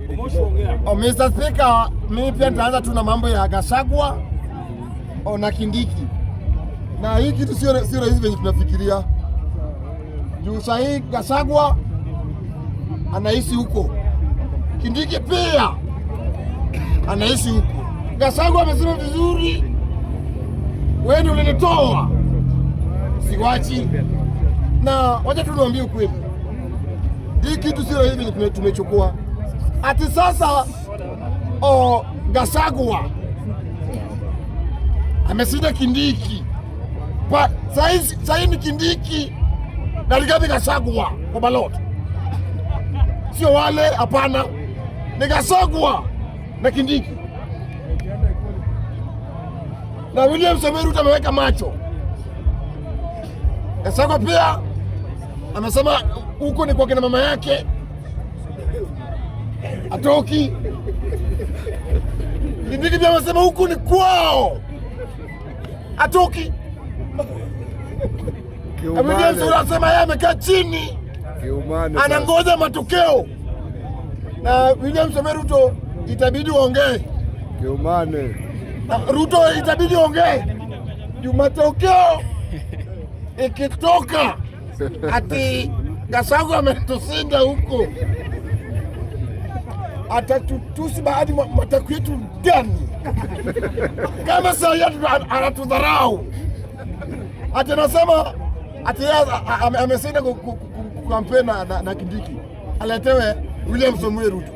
Oh, Mr. Speaker, mimi pia nitaanza tu na mambo ya Gachagua oh, na Kindiki, na hii kitu sio sio rahisi venye tunafikiria juu. Sahii Gashagwa anaishi huko, Kindiki pia anaishi huko. Gashagwa amesema vizuri, wewe ndio ulinitoa siwachi, na wacha tu niwaambie ukweli, hii kitu sio rahisi venye tumechukua ati sasa o Gashagwa ameshinda Kindiki saizi ni Kindiki na Rigathi Gachagua kwa balot sio wale. Hapana, ni Gachagua na Kindiki na William Samoei Ruto ameweka macho. Gachagua pia amesema huko ni kwa kina mama yake atoki Kindiki pia wasema huku ni kwao, atoki. asema yeye amekaa chini, anangoja matokeo, na William Samoei Ruto itabidi ongee, Ruto itabidi ongee Jumatokeo matokeo ikitoka ati Gasagu ametusinda huku atatutusi baadhi matako yetu ndani kama sahia anatudharau, ati anasema ati amesenda kukampena na, na Kindiki aletewe William Samuel Ruto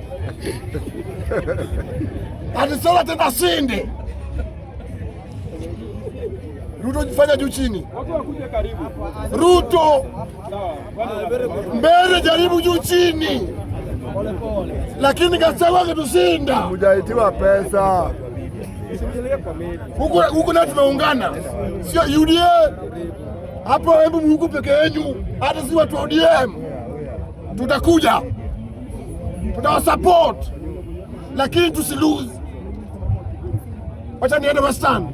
ati sola tena sinde Ruto jifanya juu chini, Ruto mbele jaribu juu chini lakini gasta wake tushinda, hujaitiwa pesa huku na tunaungana sio UDA hapo. Hebu mhuku peke yenu, hata si watu wa ODM tutakuja, support lakini tusilose. Wacha niende Western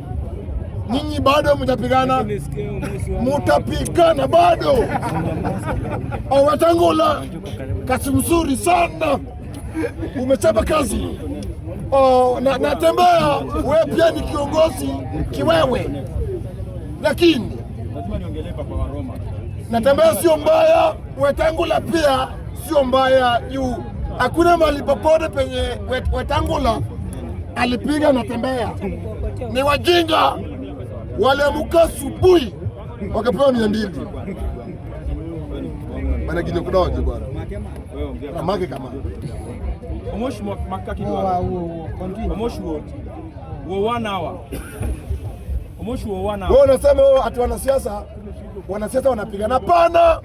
nyinyi bado mtapigana, mutapigana bado. Awatangula oh, kazi mzuri sana, umechapa kazi. Oh, na, natembea wewe pia ni kiongozi kiwewe, lakini natembea sio mbaya. Wetangula pia sio mbaya juu hakuna mahali popote penye Wetangula alipiga Natembea. Ni wajinga waliamuka asubuhi wakapewa mia mbili bana kinyo bwana amake kama omoshi maka kidwa omoshi wo wo one hour omoshi wo one hour wewe unasema wewe ati wanasiasa wanasiasa wanapigana pana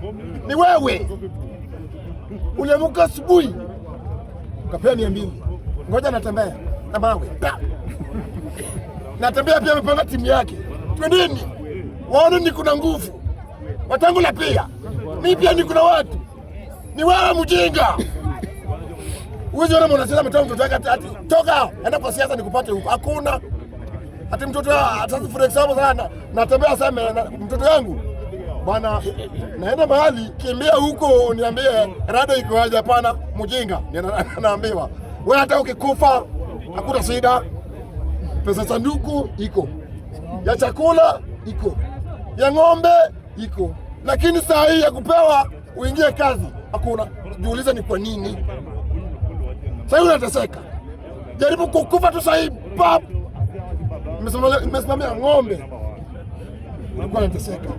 ni wewe uliamuka asubuhi ukapewa mia mbili ngoja natembea na mawe natembea pia amepanga timu yake twendeni waone ni kuna nguvu. Watangula pia mi pia ni kuna watu ni wewe mjinga uwezi ona mwanasiasa ametoa mtoto wake ati toka enda kwa siasa nikupate huko, hakuna ati mtoto atasi. For example sana natembea na, mtoto wangu bwana, naenda mahali kimbia huko, niambie rada iko haja. Hapana, mjinga naambiwa wewe, hata ukikufa hakuna shida, pesa sanduku iko ya chakula iko, ya ng'ombe iko, lakini saa hii ya kupewa uingie kazi hakuna. Jiulize ni kwa nini saa hii unateseka? Jaribu kukufa tu saa hii pap, nimesimamia ng'ombe, ulikuwa unateseka.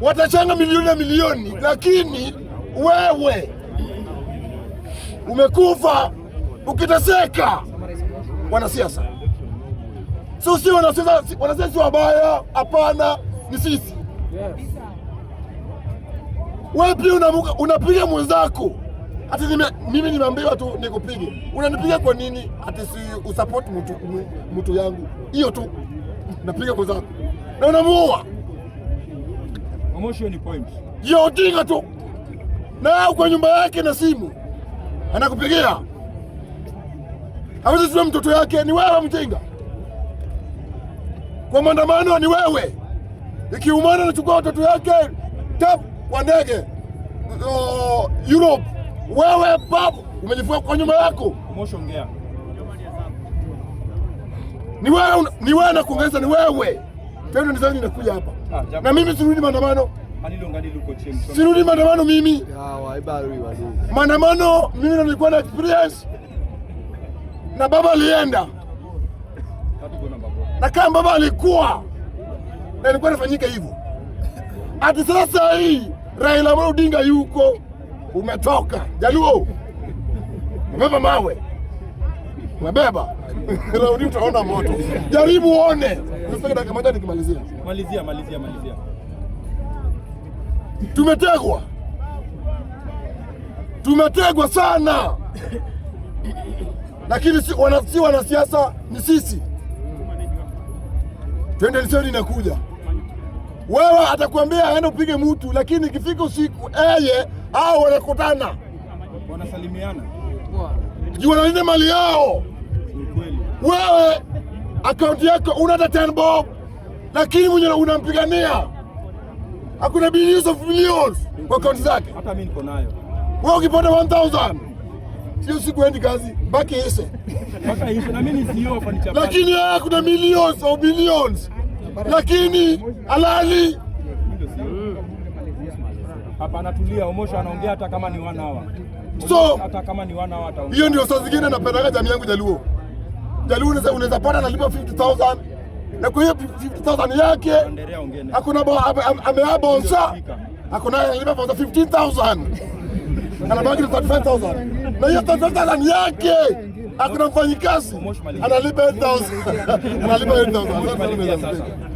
Watachanga milioni na milioni, lakini wewe umekufa ukiteseka wanasiasa. Sio si wanasiasa, wanasiasa wabaya? Hapana, ni sisi. Wewe pia unapiga mwenzako, hata mimi nimeambiwa tu nikupige. Unanipiga kwa nini? Ati si usupport mtu, mtu yangu hiyo tu, napiga mwenzako na unamuua Odinga tu na kwa nyumba yake na simu anakupigia hawezi sema mtoto yake ni wewe mjinga. Kwa maandamano ni wewe, ikiumana anachukua watoto yake tap wa ndege uh, Europe. Wewe babu umejifua kwa nyuma yako, umeshaongea ni wewe, ni wewe na kuongeza ni wewe tena. Ndio ninakuja hapa ah, na mimi sirudi maandamano, sirudi maandamano mimi maandamano mimi nilikuwa na experience na baba alienda, na kama baba alikuwa na ilikuwa inafanyika hivyo. Ati sasa hii Raila Amolo Odinga yuko umetoka, Jaluo umebeba mawe, umebeba raudi, utaona moto. Jaribu uone. Dakika moja nikimalizia, malizia, malizia, malizia. Tumetegwa, tumetegwa sana lakini si wanasiasa wana ni sisi. Twende leseni inakuja, wewe atakwambia aende upige mtu, lakini ikifika usiku eye au wanakutana wanasalimiana, wanalinda mali yao. Wewe akaunti yako unata ten bob, lakini mwenye unampigania hakuna bilioni kwa akaunti zake. Wewe ukipata 1000 sio siku endi kazi mpaka ishe, e lakini haya kuna millions au billions, lakini halali hapa anatulia Omosho anaongea hata kama ni wana hawa. So hata kama ni wana hawa ataongea. Hiyo ndio saa zingine napendaga jamii yangu Jaluo. Jaluo unaweza unaweza pata analipa 50000 na kwa hiyo 50000 yake hakuna ameaba onsa hakuna analipa 15000 anabaki na 35000 na hiyo tafeta ndani yake akuna mfanyikazi analipa analipa